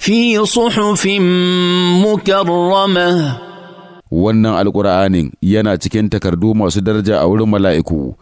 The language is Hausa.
في صحف مكرمه wannan alƙur'anin yana cikin takardu masu daraja a wurin mala'iku